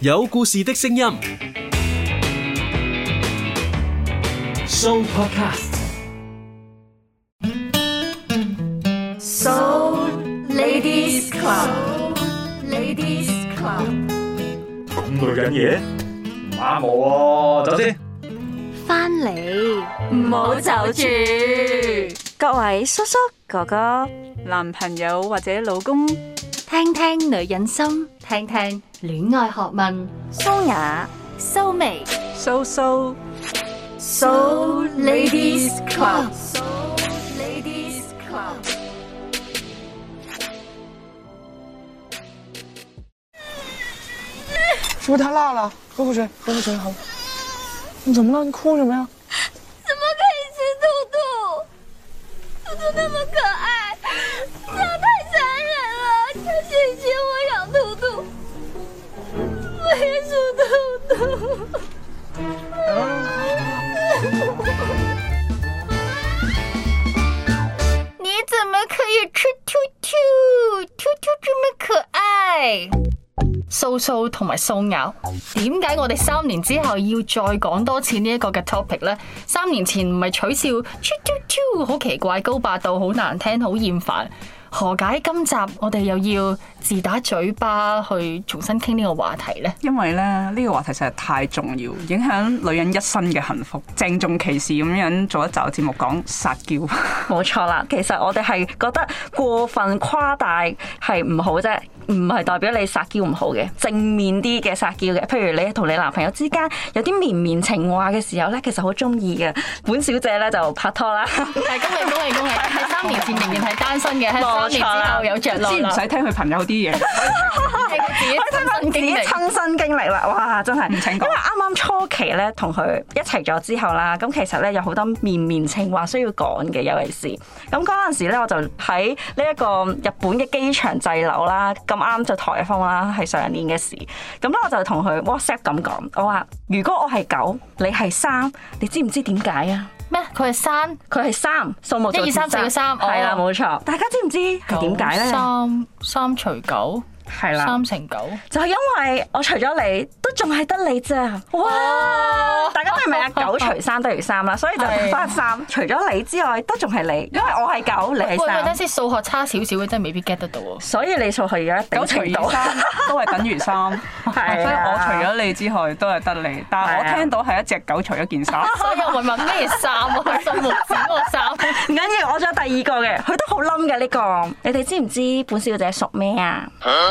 有故事的聲音，So Podcast，So Ladies Club，So Ladies Club，咁女人嘢，唔啱我喎，走先。翻嚟，唔好走住，各位叔叔哥哥、男朋友或者老公。聽聽女人心，聽聽戀愛學問。蘇雅，蘇眉，美，so so，so ladies club，so ladies club、so。是不是太辣了？喝口水，喝口水，好啦。你怎麼了？你哭什麼呀？.姐姐，我想兔兔，我也想兔兔。 你怎麼可以吃兔兔？兔兔這麼可愛。素素同埋素咬，點解我哋三年之後要再講多次呢一個嘅 topic 呢？三年前唔係取笑，啾啾啾，好奇怪，高八度，好難聽，好厭煩。何解今集我哋又要自打嘴巴去重新傾呢個話題呢？因為咧呢個話題實在太重要，影響女人一生嘅幸福，鄭重其事咁樣做一集節目講撒嬌。冇錯啦， 其實我哋係覺得過分誇大係唔好啫。唔係代表你撒嬌唔好嘅，正面啲嘅撒嬌嘅，譬如你同你男朋友之間有啲綿綿情話嘅時候呢，其實好中意嘅。本小姐呢，就拍拖啦，係恭喜恭喜恭喜！係 三年前仍然係單身嘅，喺三年之後有着落，先唔使聽佢朋友啲嘢。 開親問自己親身經歷啦，哇！真係，因為啱啱初期咧，同佢一齊咗之後啦，咁其實咧有好多綿綿情話需要講嘅，尤其是咁嗰陣時咧，我就喺呢一個日本嘅機場滯留啦，咁啱就颱風啦，係上年嘅事。咁咧我就同佢 WhatsApp 咁講，我話：如果我係九，你係三，你知唔知點解啊？咩？佢係三，佢係三，數目一二三四嘅三。係啦，oh.，冇錯。大家知唔知係點解咧？三三除九。係啦，三乘九就係因為，我除咗你，都仲係得你啫。哇！大家都係咪啊？九除三等於三啦，所以就翻三。除咗你之外，都仲係你，因為我係九，你係三。嗰陣時數學差少少，真係未必 get 得到。所以你數學有一定九程度都係等於三，所以我除咗你之外都係得你。但我聽到係一隻狗除咗件衫。所以我咪問咩衫啊？佢都冇整過衫。唔緊要，我仲有第二個嘅，佢都好冧嘅呢個。你哋知唔知本小姐屬咩啊？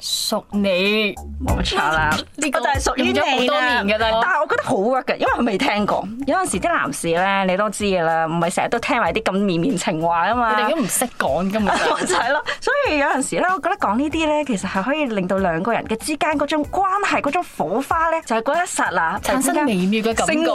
屬你冇錯啦，呢、 這個我就係屬於你啊！多年但係我覺得好 work 嘅，因為佢未聽過。有陣時啲男士咧，你都知嘅啦，唔係成日都聽埋啲咁綿綿情話啊嘛。你都唔識講噶嘛？ 就係咯，所以有陣時咧，我覺得講呢啲咧，其實係可以令到兩個人嘅之間嗰種關係、嗰種火花咧，就係、是、嗰一剎那產生微妙嘅感覺。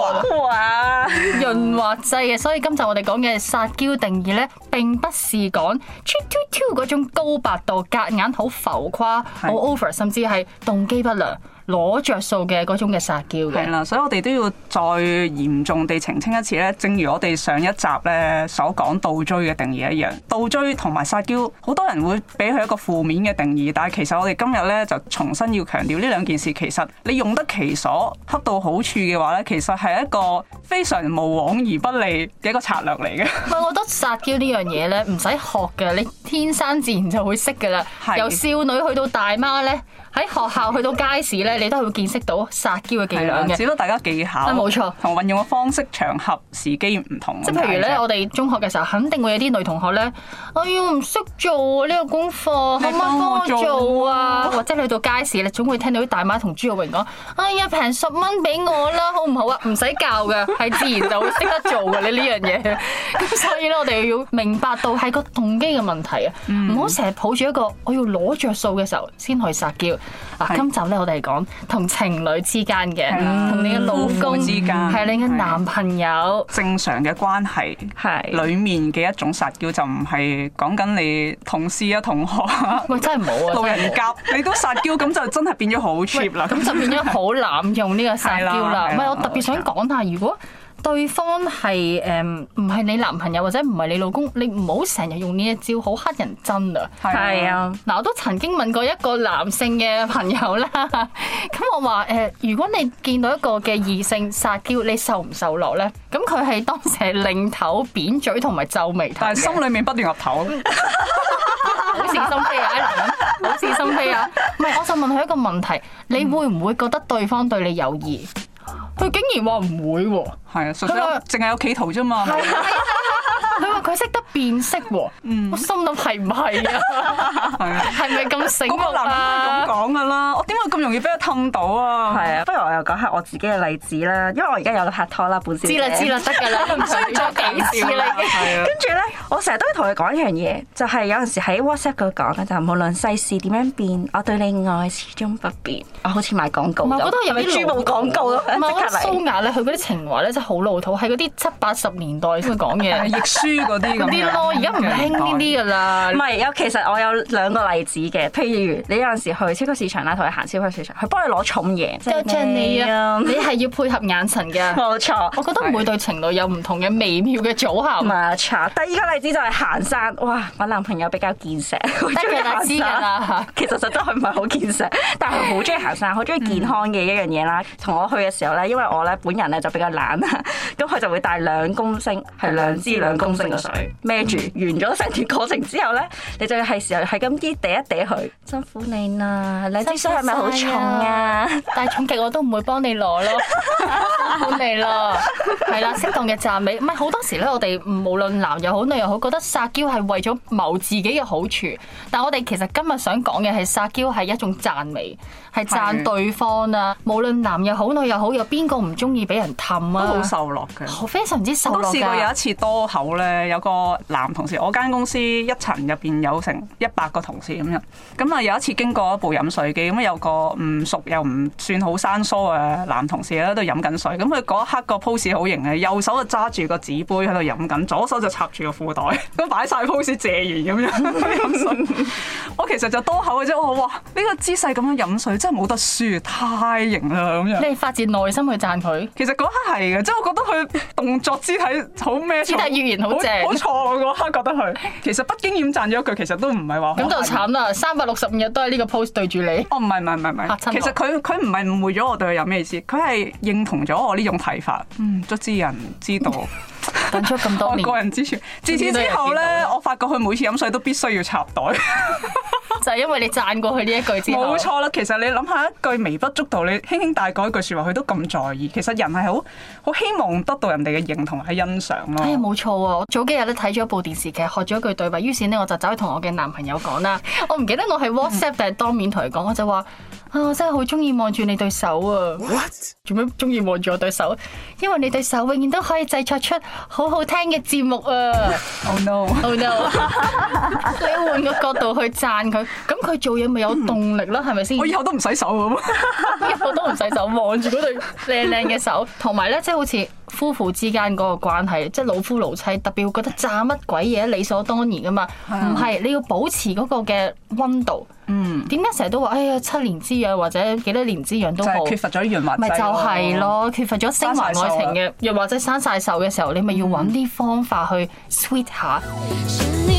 啊文，潤 滑劑啊！所以今集我哋講嘅撒嬌定義咧，並不是講 t 超超嗰種高八度、夾硬好浮誇。好 over，甚至係動機不良。攞着數嘅嗰種嘅撒嬌嘅，係啦，所以我哋都要再嚴重地澄清一次咧。正如我哋上一集咧所講倒追嘅定義一樣，倒追同埋撒嬌，好多人會俾佢一個負面嘅定義，但係其實我哋今日咧就重新要強調呢兩件事。其實你用得其所、恰到好處嘅話咧，其實係一個非常無往而不利嘅一個策略嚟嘅。唔係，我覺得撒嬌呢樣嘢咧唔使學嘅，你天生自然就會識㗎啦。係。由少女去到大媽咧。喺學校去到街市咧，你都係會見識到撒嬌嘅伎倆嘅。只不過大家技巧，冇錯錯，同運用嘅方式、場合、時機唔同。即係譬如咧，釋我哋中學嘅時候，肯定會有啲女同學咧，哎呀，唔識做呢個功課，可唔可以幫我做啊？這個、你或者你去到街市你總會聽到啲大媽同豬肉榮講，哎呀，平十蚊俾我啦，好唔好啊？唔使教嘅，係 自然就會識得做嘅，啊。 你呢樣嘢，咁 所以咧，我哋要明白到係個動機嘅問題啊，唔好成日抱住一個我要攞着數嘅時候先去撒嬌。啊！今集咧，我哋講同情侶之間嘅，同你嘅老公之間，係你嘅男朋友，正常嘅關係係裏面嘅一種撒嬌，就唔係講緊你同事啊、同學，喂，真係唔好啊！路人甲你都撒嬌，咁就真係變咗好 cheap 啦，咁就變咗好濫用呢個撒嬌啦。唔係，我特別想講下，如果。對方係誒唔係你男朋友或者唔係你老公，你唔好成日用呢一招，好乞人憎啊！係啊，嗱，我都曾經問過一個男性嘅朋友啦。咁我話誒，如果你見到一個嘅異性撒嬌，你受唔受落咧？咁佢係當時係擰頭、扁嘴同埋皺眉頭，但係心裡面不斷岌頭，好善心機啊！男人，好善心機啊！唔係，我就問佢一個問題，你會唔會覺得對方對你有意？佢竟然話唔會喎，係啊，純粹淨係有企圖啫嘛。佢話佢識得變色喎，我心諗係唔係啊？係咪咁醒咁？嗰個男人都係咁講㗎啦，我點解咁容易俾佢氹到啊？係啊。我又講下我自己嘅例子啦，因為我而家有拍拖啦，本身知啦知啦得㗎啦，追咗幾次啦。 跟住咧， 我成日都同佢講一樣嘢，就係、是、有陣時喺 WhatsApp 度講咧，就無、是、論世事點樣變，我對你愛始終不變。我、哦、好似賣廣告我唔得嗰個係咪珠寶廣告、哦、啊？唔係蘇雅咧，佢嗰啲情話咧真係好老土，係嗰啲七八十年代先會講嘅，亦 書嗰啲咁。啲咯， 而家唔興呢啲㗎啦。唔係有其實我有兩個例子嘅，譬如你有陣時去超級市場啦，同佢行超級市場，佢幫佢攞重嘢。 你啊，你係要配合眼神嘅，冇錯。我覺得每對情侶有唔同嘅微妙嘅組合，冇錯。第二個例子就係行山，哇！我男朋友比較健碩，好中意行山。其實就真佢唔係好健碩，但佢好中意行山，好中意健康嘅一樣嘢啦。同我去嘅時候咧，因為我咧本人咧就比較懶，咁佢就會帶兩公升，係兩支兩公升嘅水孭住，完咗成段過程之後咧，你就要係時候係咁啲嗲一嗲佢。辛苦你啦，兩支水係咪好重啊？大獎極我都唔會幫你攞咯，幫味攞係啦，適當嘅讚美。 唔係好多時咧，我哋無論男又好女又好，覺得撒嬌係為咗謀自己嘅好處。但我哋其實今日想講嘅係撒嬌係一種讚美，係讚對方啊。無論男又好女又好，有邊個唔中意俾人氹啊？都好受落嘅，非常之受落。都試過有一次多口咧，有個男同事，我間公司一層入邊有成一百個同事咁樣，咁啊有一次經過一部飲水機，咁啊有個唔熟又唔～算好生疏嘅男同事喺度飲緊水，咁佢嗰刻個 pose 好型嘅，右手就揸住個紙杯喺度飲緊，左手就插住個褲袋，咁擺晒 pose 謝賢咁樣。呵呵 我其實就多口嘅啫，我話呢個姿勢咁樣飲水真係冇得輸，太型啦咁樣。你係發自內心去讚佢？其實嗰刻係嘅，即係我覺得佢動作肢體好咩？肢體語言好，正。冇錯啊！嗰刻覺得佢其實不經驗讚咗佢，其實都唔係話。咁就慘啦，三百六十五日都係呢個 pose 對住你。哦，唔係唔係唔係，其實佢佢。唔係誤會咗我對佢有咩意思？佢係認同咗我呢種睇法。嗯，足之人之道， 等出咁多年 個人之處。自此之、之後咧，我發覺佢每次飲水都必須要插袋， 就係因為你讚過佢呢一句之後。冇 錯啦，其實你諗下一句微不足道，你輕輕帶過一句説話，佢都咁在意。其實人係好好希望得到人哋嘅認同，係欣賞咯、啊。哎冇錯啊！我早幾日咧睇咗部電視劇，學咗一句對話，於是呢，我就走去同我嘅男朋友講啦。我唔記得我係 WhatsApp 定係當面同佢講，我就話。Oh, 啊！What? 我真係好中意望住你對手啊！What？做咩中意望住我對手？因為你對手永遠都可以製作出好好聽嘅節目啊！Oh no！Oh no！Oh, no. 你換個角度去讚佢，咁佢做嘢咪有動力咯？係咪先？吧我以後都唔洗手啊！我 以後都唔洗手，手，望住嗰對靚靚嘅手，同埋咧，即係好似。夫婦之間嗰個關係，即係老夫老妻，特別會覺得炸乜鬼嘢理所當然噶嘛，唔係、嗯、你要保持嗰個嘅溫度，嗯，點解成日都話，哎呀七年之癢或者幾多年之癢都好？缺乏咗潤滑，咪就係咯，缺乏咗升華愛情嘅，又或者生晒銹嘅時候，你咪要揾啲方法去 sweet 下。嗯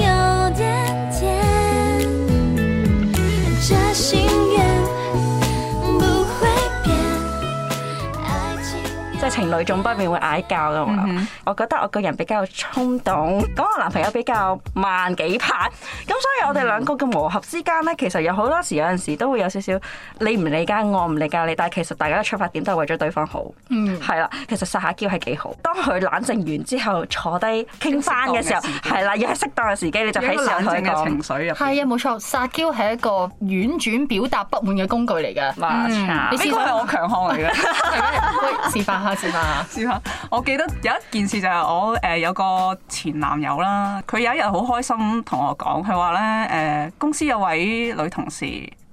情侶總不免會嗌交㗎嘛。我, mm hmm. 我覺得我個人比較衝動，咁我男朋友比較慢幾拍，咁所以我哋兩個嘅磨合之間咧，其實有好多時有陣時都會有少少你唔理解我，唔理解你，但係其實大家嘅出發點都係為咗對方好，係啦、mm hmm.，其實撒下嬌係幾好，當佢冷靜完之後坐低傾翻嘅時候，係啦，要喺適當嘅時機你就喺度冷靜嘅情緒入面，係啊冇錯，撒嬌係一個婉轉表達不滿嘅工具嚟㗎，嗯嗯、你呢個係我強項嚟㗎，示範下。笑下，笑下。我記得有一件事就係我有個前男友啦，佢有一日好開心同我講，佢話呢，公司有位女同事。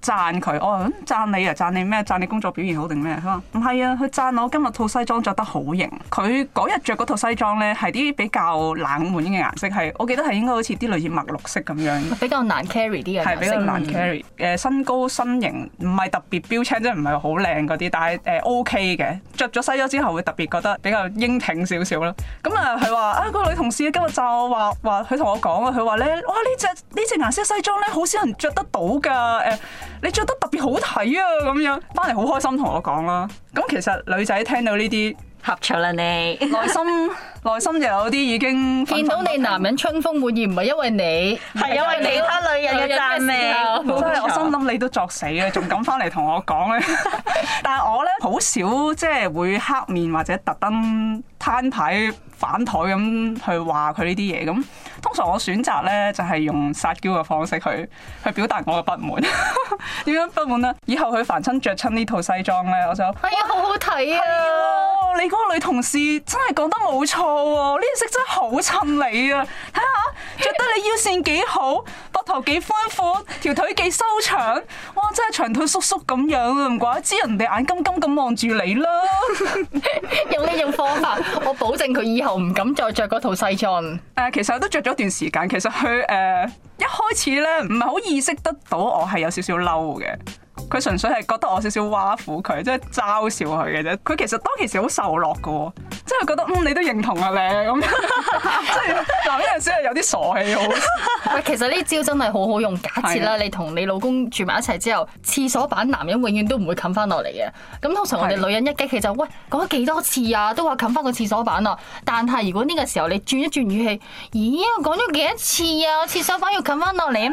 讚佢，我咁讚你啊，讚你咩？讚你工作表現好定咩？佢話唔係啊，佢讚我今日套西裝着得好型。佢嗰日着嗰套西裝咧，係啲比較冷門嘅顏色，係我記得係應該好似啲類似墨綠色咁樣比色，比較難 carry 啲嘅係比較難 carry。誒、嗯、身高身形唔係特別標青，即係唔係好靚嗰啲，但係誒、呃、OK 嘅。着咗西裝之後會特別覺得比較英挺少少咯。咁、嗯、啊，佢話啊，個女同事今日就，我話佢同我講啊，佢話咧，哇，呢隻呢隻顏色西裝咧，好少人着得到㗎誒。啊你着得特別好睇啊！咁樣翻嚟好開心，同我講啦。咁其實女仔聽到呢啲，呷醋啦你，內心。內心就有啲已經分分見到你男人春風滿意，唔係因為你，係因為其他女人嘅讚美。真係錯我心諗你都作死啊，仲敢翻嚟同我講咧？ 但係我咧好少即係會黑面或者特登攤牌反枱咁去話佢呢啲嘢。咁通常我選擇咧就係、是、用撒嬌嘅方式去去表達我嘅不滿。點 解不滿呢？以後佢凡親着親呢套西裝咧，我想：「哎呀，好好睇啊、哎！你嗰個女同事真係講得冇錯。呢、哦、色真係好襯你啊！睇下着得你腰線幾好，膊頭幾寬闊，條腿幾修長，哇！真係長腿叔叔咁樣，唔怪知人哋眼金金咁望住你啦。 用呢種方法，我保證佢以後唔敢再着嗰套西裝。誒、呃，其實我都着咗段時間，其實佢誒、呃、一開始咧唔係好意識得到我係有少少嬲嘅。佢純粹係覺得我少少挖苦佢，即係嘲笑佢嘅啫。佢其實當其時好受落嘅喎，即係覺得嗯，你都認同啊，你咁，即係男人嗰陣時係有啲傻氣喎。其實呢招真係好好用。假設啦，的你同你老公住埋一齊之後，廁所板男人永遠都唔會冚翻落嚟嘅。咁通常我哋女人一激氣就的喂，講咗幾多次啊，都話冚翻個廁所板啊。但係如果呢個時候你轉一轉語氣，咦，我講咗幾多次啊？我廁所板要冚翻落嚟啊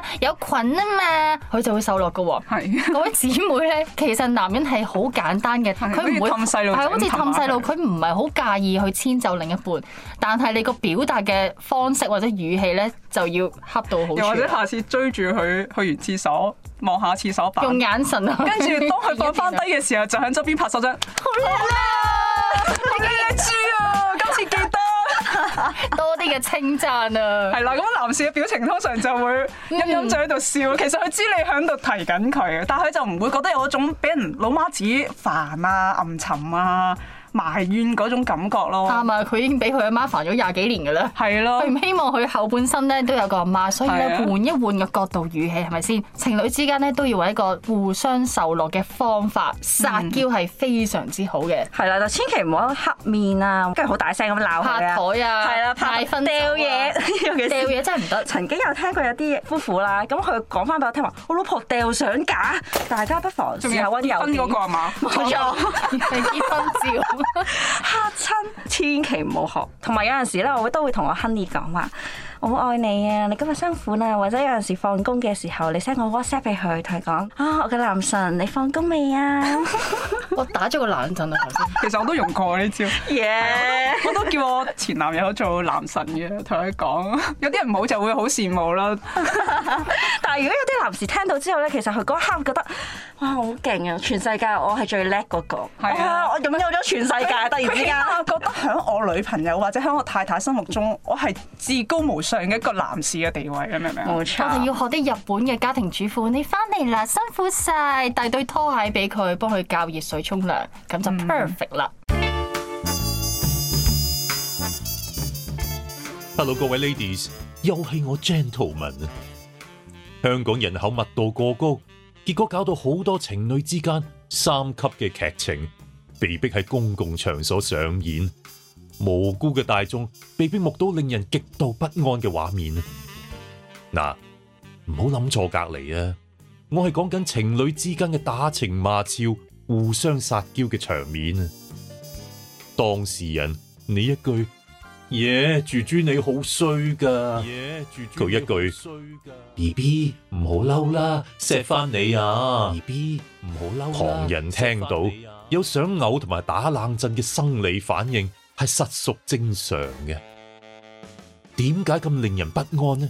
嘛，有菌啊嘛，佢就會受落嘅喎。各位姊妹咧，其實男人係好簡單嘅，佢唔會氹細路，係好似氹細路，佢唔係好介意去遷就另一半，但係你個表達嘅方式或者語氣咧，就要恰到好處。又或者下次追住佢去完廁所，望下廁所板，用眼神啊！跟住當佢放翻低嘅時候，就喺側邊拍手掌。好叻啊！你嘅豬啊，今次記得。 多啲嘅稱讚啊！ 係啦，咁男士嘅表情通常就會陰陰嘴喺度笑，嗯、其實佢知你喺度提緊佢，但係佢就唔會覺得有一種俾人老媽子煩啊、暗沉啊。埋怨嗰種感覺咯，啱啊！佢已經俾佢阿媽煩咗廿幾年嘅咧，係咯，佢唔希望佢後半生咧都有個阿媽，所以咧換一換個角度語氣係咪先？情侶之間咧都要搵一個互相受落嘅方法，撒嬌係非常之好嘅，係啦，但千祈唔好黑面啊，跟住好大聲咁鬧下台啊，係啦，派婚掉嘢，掉嘢真係唔得。曾經有聽過有啲夫婦啦，咁佢講翻俾我聽話，我老婆掉相架，大家不妨試下溫柔。結個啊嘛，冇錯，結婚照。吓 親，千祈唔好學。同埋有陣時咧，我會都會同我 Honey 講話。我愛你啊！你今日辛苦啦，或者有陣時放工嘅時候，你 send 個 WhatsApp 俾佢，同佢講：啊，我嘅男神，你放工未啊？我 打咗個冷震啊！頭先 其實我都用過呢招，耶 Yeah.！我都叫我前男友做男神嘅，同佢講。有啲人唔好就會好羨慕咯。 但係如果有啲男士聽到之後咧，其實佢嗰刻覺得哇好勁啊！全世界我係最叻嗰個，係啊！我擁有咗全世界，他突然之間 覺得喺我女朋友或者喺我太,太太心目中，我係至高無上。上一個男士嘅地位，明唔明啊？冇錯，我係要學啲日本嘅家庭主婦，你翻嚟啦，辛苦晒，帶對拖鞋俾佢，幫佢校熱水沖涼，咁就 perfect 啦。Hello，各位 ladies， 又係我 gentleman。香港人口密度過高，結果搞到好多情侶之間三級嘅劇情，被逼喺公共場所上演。無辜嘅大眾被逼目睹令人極度不安嘅畫面啊！嗱，唔好諗錯隔離啊！我係講緊情侶之間嘅打情罵俏、互相撒嬌嘅場面啊！當事人你一句，耶豬豬你好衰噶，耶豬，佢一句，衰噶，BB 唔好嬲啦，錫翻你啊！B B 唔好嬲。旁人聽到有想嘔同埋打冷震嘅生理反應。係實屬正常嘅，點解咁令人不安呢？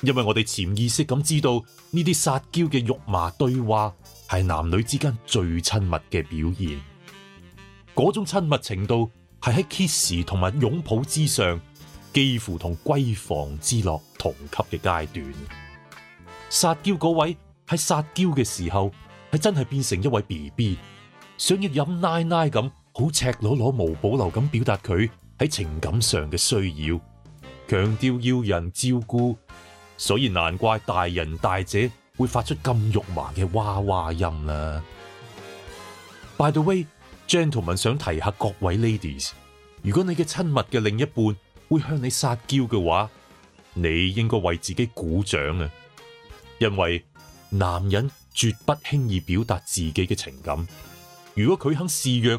因為我哋潛意識咁知道呢啲撒嬌嘅肉麻對話係男女之間最親密嘅表現，嗰種親密程度係喺 kiss 同埋擁抱之上，幾乎同閨房之樂同級嘅階段。撒嬌嗰位喺撒嬌嘅時候，係真係變成一位 BB，想要飲奶奶咁。好赤裸裸、無保留咁表達佢喺情感上嘅需要，強調要人照顧，所以難怪大人大姐會發出咁肉麻嘅娃娃音啦。By the way，Gentlemen 想提下各位 ladies，如果你嘅親密嘅另一半會向你撒嬌嘅話，你應該為自己鼓掌啊，因為男人絕不輕易表達自己嘅情感，如果佢肯示弱。